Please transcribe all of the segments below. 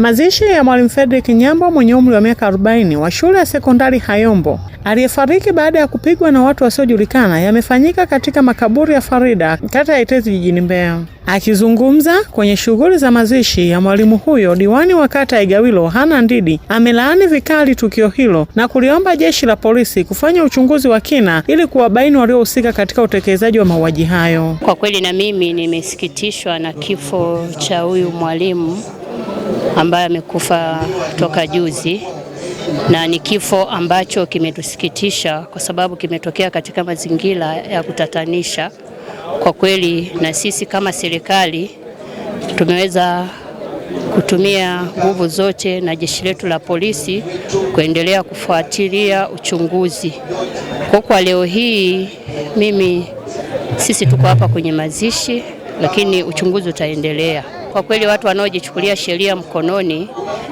Mazishi ya Mwalimu Fredrick Nyambo mwenye umri wa miaka 40 wa shule ya sekondari Hayombo aliyefariki baada ya kupigwa na watu wasiojulikana yamefanyika katika makaburi ya Farida kata ya Itezi jijini Mbeya. Akizungumza kwenye shughuli za mazishi ya mwalimu huyo, diwani wa kata ya Igawilo Hana Ndidi amelaani vikali tukio hilo na kuliomba jeshi la polisi kufanya uchunguzi wa kina ili kuwabaini waliohusika katika utekelezaji wa mauaji hayo. Kwa kweli na mimi nimesikitishwa na kifo cha huyu mwalimu ambaye amekufa toka juzi, na ni kifo ambacho kimetusikitisha kwa sababu kimetokea katika mazingira ya kutatanisha kwa kweli, na sisi kama serikali tumeweza kutumia nguvu zote na jeshi letu la polisi kuendelea kufuatilia uchunguzi. Kwa kwa leo hii mimi sisi tuko hapa kwenye mazishi, lakini uchunguzi utaendelea. Kwa kweli watu wanaojichukulia sheria mkononi,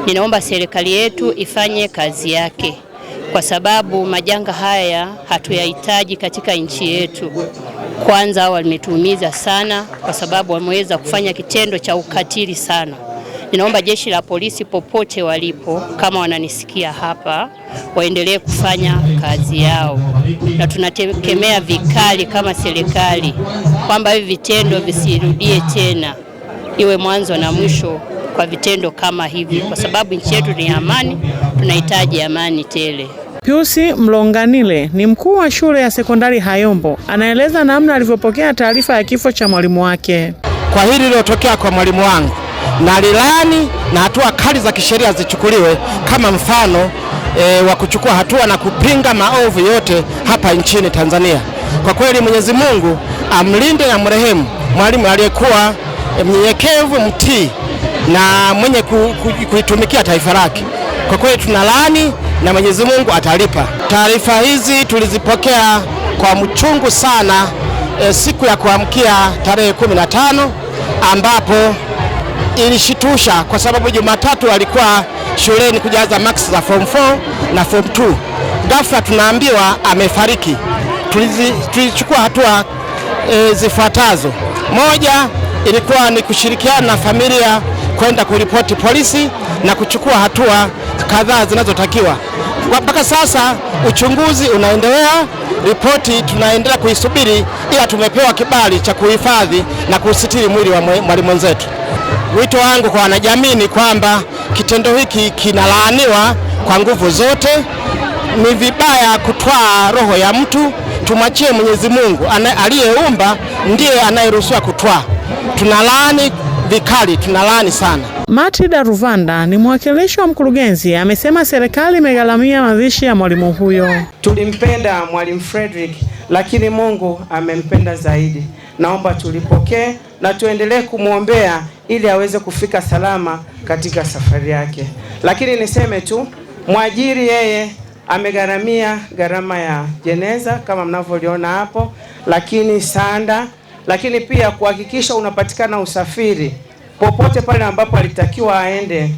ninaomba serikali yetu ifanye kazi yake, kwa sababu majanga haya hatuyahitaji katika nchi yetu. Kwanza hao wametuumiza sana, kwa sababu wameweza kufanya kitendo cha ukatili sana. Ninaomba jeshi la polisi popote walipo, kama wananisikia hapa, waendelee kufanya kazi yao, na tunatekemea vikali kama serikali kwamba hivi vitendo visirudie tena iwe mwanzo na mwisho kwa vitendo kama hivi, kwa sababu nchi yetu ni amani, tunahitaji amani tele. Piusi Mlonganile ni mkuu wa shule ya sekondari Hayombo, anaeleza namna alivyopokea taarifa ya kifo cha mwalimu wake. Kwa hili lilotokea kwa mwalimu wangu na lilani na hatua kali za kisheria zichukuliwe kama mfano e, wa kuchukua hatua na kupinga maovu yote hapa nchini Tanzania. Kwa kweli Mwenyezi Mungu amlinde na mrehemu mwalimu aliyekuwa Eh, mnyenyekevu, mtii na mwenye kuitumikia taifa lake. Kwa kweli tuna laani na Mwenyezi Mungu atalipa. Taarifa hizi tulizipokea kwa mchungu sana e, siku ya kuamkia tarehe kumi na tano ambapo ilishitusha kwa sababu Jumatatu alikuwa shuleni kujaza max za form 4 na form 2, ghafla tunaambiwa amefariki. Tulichukua hatua e, zifuatazo: moja, ilikuwa ni kushirikiana na familia kwenda kuripoti polisi na kuchukua hatua kadhaa zinazotakiwa. Mpaka sasa uchunguzi unaendelea, ripoti tunaendelea kuisubiri, ila tumepewa kibali cha kuhifadhi na kusitiri mwili wa mwalimu mwenzetu. Wito wangu kwa wanajamii ni kwamba kitendo hiki kinalaaniwa kwa nguvu zote. Ni vibaya kutwaa roho ya mtu, tumwachie Mwenyezi Mungu aliyeumba, ndiye anayeruhusiwa kutwaa tunalaani vikali, tunalaani sana. Matilda Ruvanda ni mwakilishi wa mkurugenzi, amesema serikali imegharamia mazishi ya mwalimu huyo. Tulimpenda mwalimu Frederick, lakini Mungu amempenda zaidi. Naomba tulipokee na tuendelee kumwombea ili aweze kufika salama katika safari yake. Lakini niseme tu mwajiri yeye amegharamia gharama ya jeneza kama mnavyoliona hapo, lakini sanda lakini pia kuhakikisha unapatikana usafiri popote pale ambapo alitakiwa aende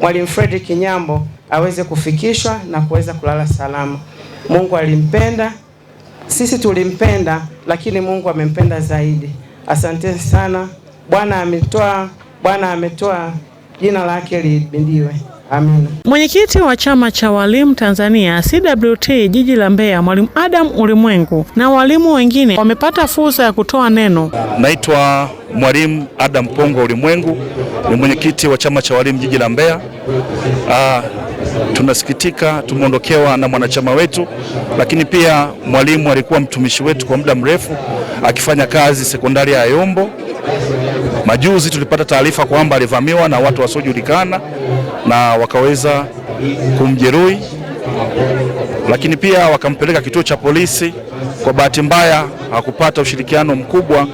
Mwalimu Fredrick kinyambo aweze kufikishwa na kuweza kulala salama. Mungu alimpenda, sisi tulimpenda, lakini Mungu amempenda zaidi. Asante sana. Bwana ametoa, Bwana ametoa, jina lake libidiwe. Amina. Mwenyekiti wa chama cha walimu Tanzania CWT jiji la Mbeya, Mwalimu Adam Ulimwengu na walimu wengine wamepata fursa ya kutoa neno. Naitwa Mwalimu Adam Pongo Ulimwengu, ni mwenyekiti wa chama cha walimu jiji la Mbeya. Ah, tunasikitika tumeondokewa na mwanachama wetu, lakini pia mwalimu alikuwa mtumishi wetu kwa muda mrefu akifanya kazi sekondari ya Yombo. Majuzi tulipata taarifa kwamba alivamiwa na watu wasiojulikana na wakaweza kumjeruhi, lakini pia wakampeleka kituo cha polisi. Kwa bahati mbaya hakupata ushirikiano mkubwa,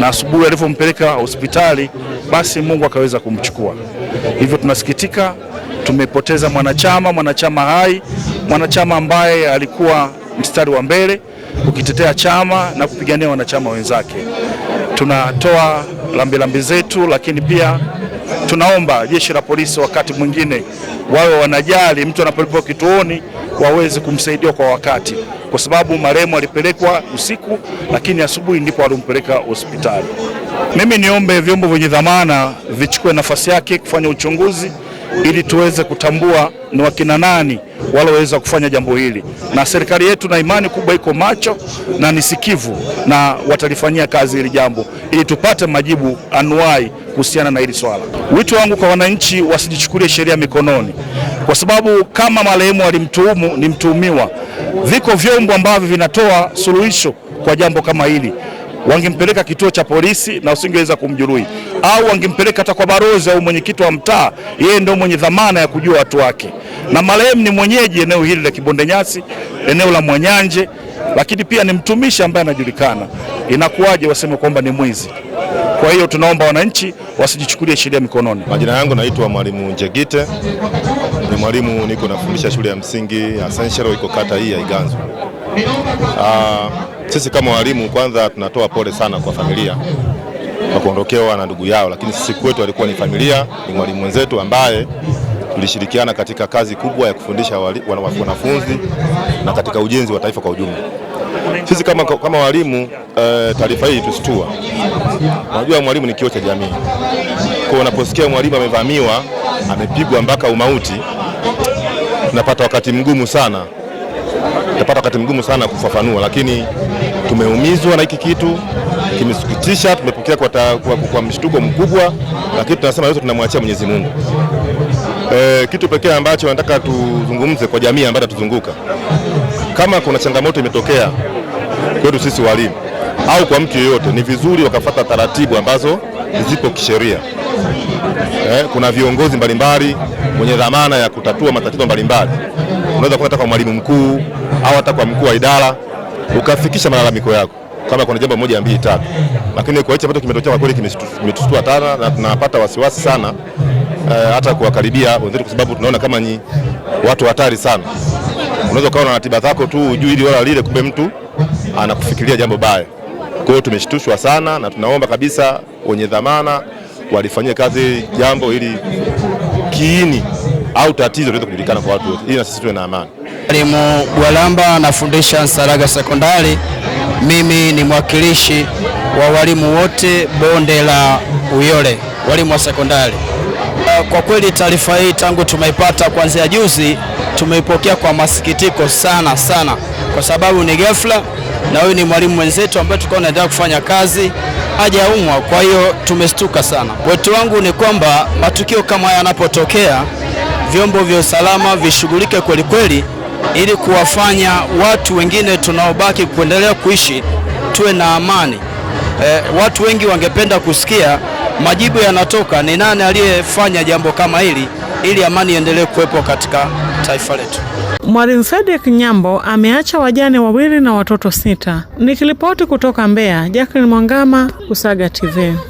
na asubuhi alivyompeleka hospitali, basi Mungu akaweza kumchukua. Hivyo tunasikitika, tumepoteza mwanachama, mwanachama hai, mwanachama ambaye alikuwa mstari wa mbele ukitetea chama na kupigania wanachama wenzake. Tunatoa rambirambi zetu, lakini pia Tunaomba jeshi la polisi wakati mwingine wawe wanajali mtu anapelekwa kituoni waweze kumsaidia kwa wakati, kwa sababu marehemu alipelekwa usiku, lakini asubuhi ndipo alimpeleka hospitali. Mimi niombe vyombo vyenye dhamana vichukue nafasi yake kufanya uchunguzi ili tuweze kutambua ni wakina nani waloweza kufanya jambo hili, na serikali yetu na imani kubwa iko macho na ni sikivu, na watalifanyia kazi hili jambo ili tupate majibu anuai kuhusiana na hili swala. Wito wangu kwa wananchi, wasijichukulie sheria mikononi, kwa sababu kama marehemu alimtuhumu, ni mtuhumiwa. Viko vyombo ambavyo vinatoa suluhisho kwa jambo kama hili wangempeleka kituo cha polisi na usingeweza kumjeruhi, au wangempeleka hata kwa barozi au mwenyekiti wa mtaa. Yeye ndio mwenye dhamana ya kujua watu wake, na marehemu ni mwenyeji eneo hili la Kibonde Nyasi, eneo la Mwanyanje, lakini pia ni mtumishi ambaye anajulikana. Inakuwaje waseme kwamba ni mwizi? Kwa hiyo tunaomba wananchi wasijichukulie sheria mikononi. Majina yangu naitwa Mwalimu Njegite, ni mwalimu, niko nafundisha shule ya msingi Asenshero, iko kata hii ya Iganzo. Ah, sisi kama walimu, kwanza tunatoa pole sana kwa familia kwa kuondokewa na ndugu yao, lakini sisi kwetu alikuwa ni familia, ni mwalimu wenzetu ambaye tulishirikiana katika kazi kubwa ya kufundisha wanafunzi na katika ujenzi wa taifa kwa ujumla. Sisi kama, kama walimu e, taarifa hii tusitua. Unajua mwalimu ni kioo cha jamii, kwa unaposikia mwalimu amevamiwa, amepigwa mpaka umauti, tunapata wakati mgumu sana itapata wakati mgumu sana kufafanua, lakini tumeumizwa na hiki kitu, kimesikitisha, tumepokea kwa, kwa, kwa mshtuko mkubwa, lakini tunasema yote tunamwachia Mwenyezi Mungu. E, kitu pekee ambacho nataka tuzungumze kwa jamii ambayo tuzunguka, kama kuna changamoto imetokea kwetu sisi walimu au kwa mtu yeyote, ni vizuri wakafata taratibu ambazo zipo kisheria. Eh, kuna viongozi mbalimbali wenye dhamana ya kutatua matatizo mbalimbali unaweza kwenda kwa mwalimu mkuu au hata kwa mkuu wa idara ukafikisha malalamiko yako kama kuna jambo moja mbili tatu, lakini kwa hicho ambacho kimetokea kwa kweli kimetustua sana na tunapata wasiwasi sana e, hata kuwakaribia wenzetu kwa sababu tunaona kama ni watu hatari sana. Unaweza ukawa na tiba zako tu ujui ili wala lile, kumbe mtu anakufikiria jambo baya. Kwa hiyo tumeshtushwa sana na tunaomba kabisa wenye dhamana walifanyia kazi jambo ili kiini au tatizo liweze kujulikana kwa watu wote, ili na sisi tuwe na amani. Mwalimu gwalamba anafundisha Nsalaga Sekondari. Mimi ni mwakilishi wa walimu wote bonde la Uyole, walimu wa sekondari. Kwa kweli taarifa hii tangu tumeipata kuanzia juzi, tumeipokea kwa masikitiko sana sana, kwa sababu ni ghafla, na huyu ni mwalimu mwenzetu ambaye tulikuwa tunaendelea kufanya kazi hajaumwa. Kwa hiyo tumestuka sana. Wito wangu ni kwamba matukio kama haya yanapotokea vyombo vya usalama vishughulike kweli kweli, ili kuwafanya watu wengine tunaobaki kuendelea kuishi tuwe na amani. E, watu wengi wangependa kusikia majibu yanatoka ni nani aliyefanya jambo kama hili, ili amani iendelee kuwepo katika taifa letu. Mwalimu Fredrick Nyambo ameacha wajane wawili na watoto sita. Nikilipoti kutoka Mbeya, Jacqueline Mwangama, Kusaga TV.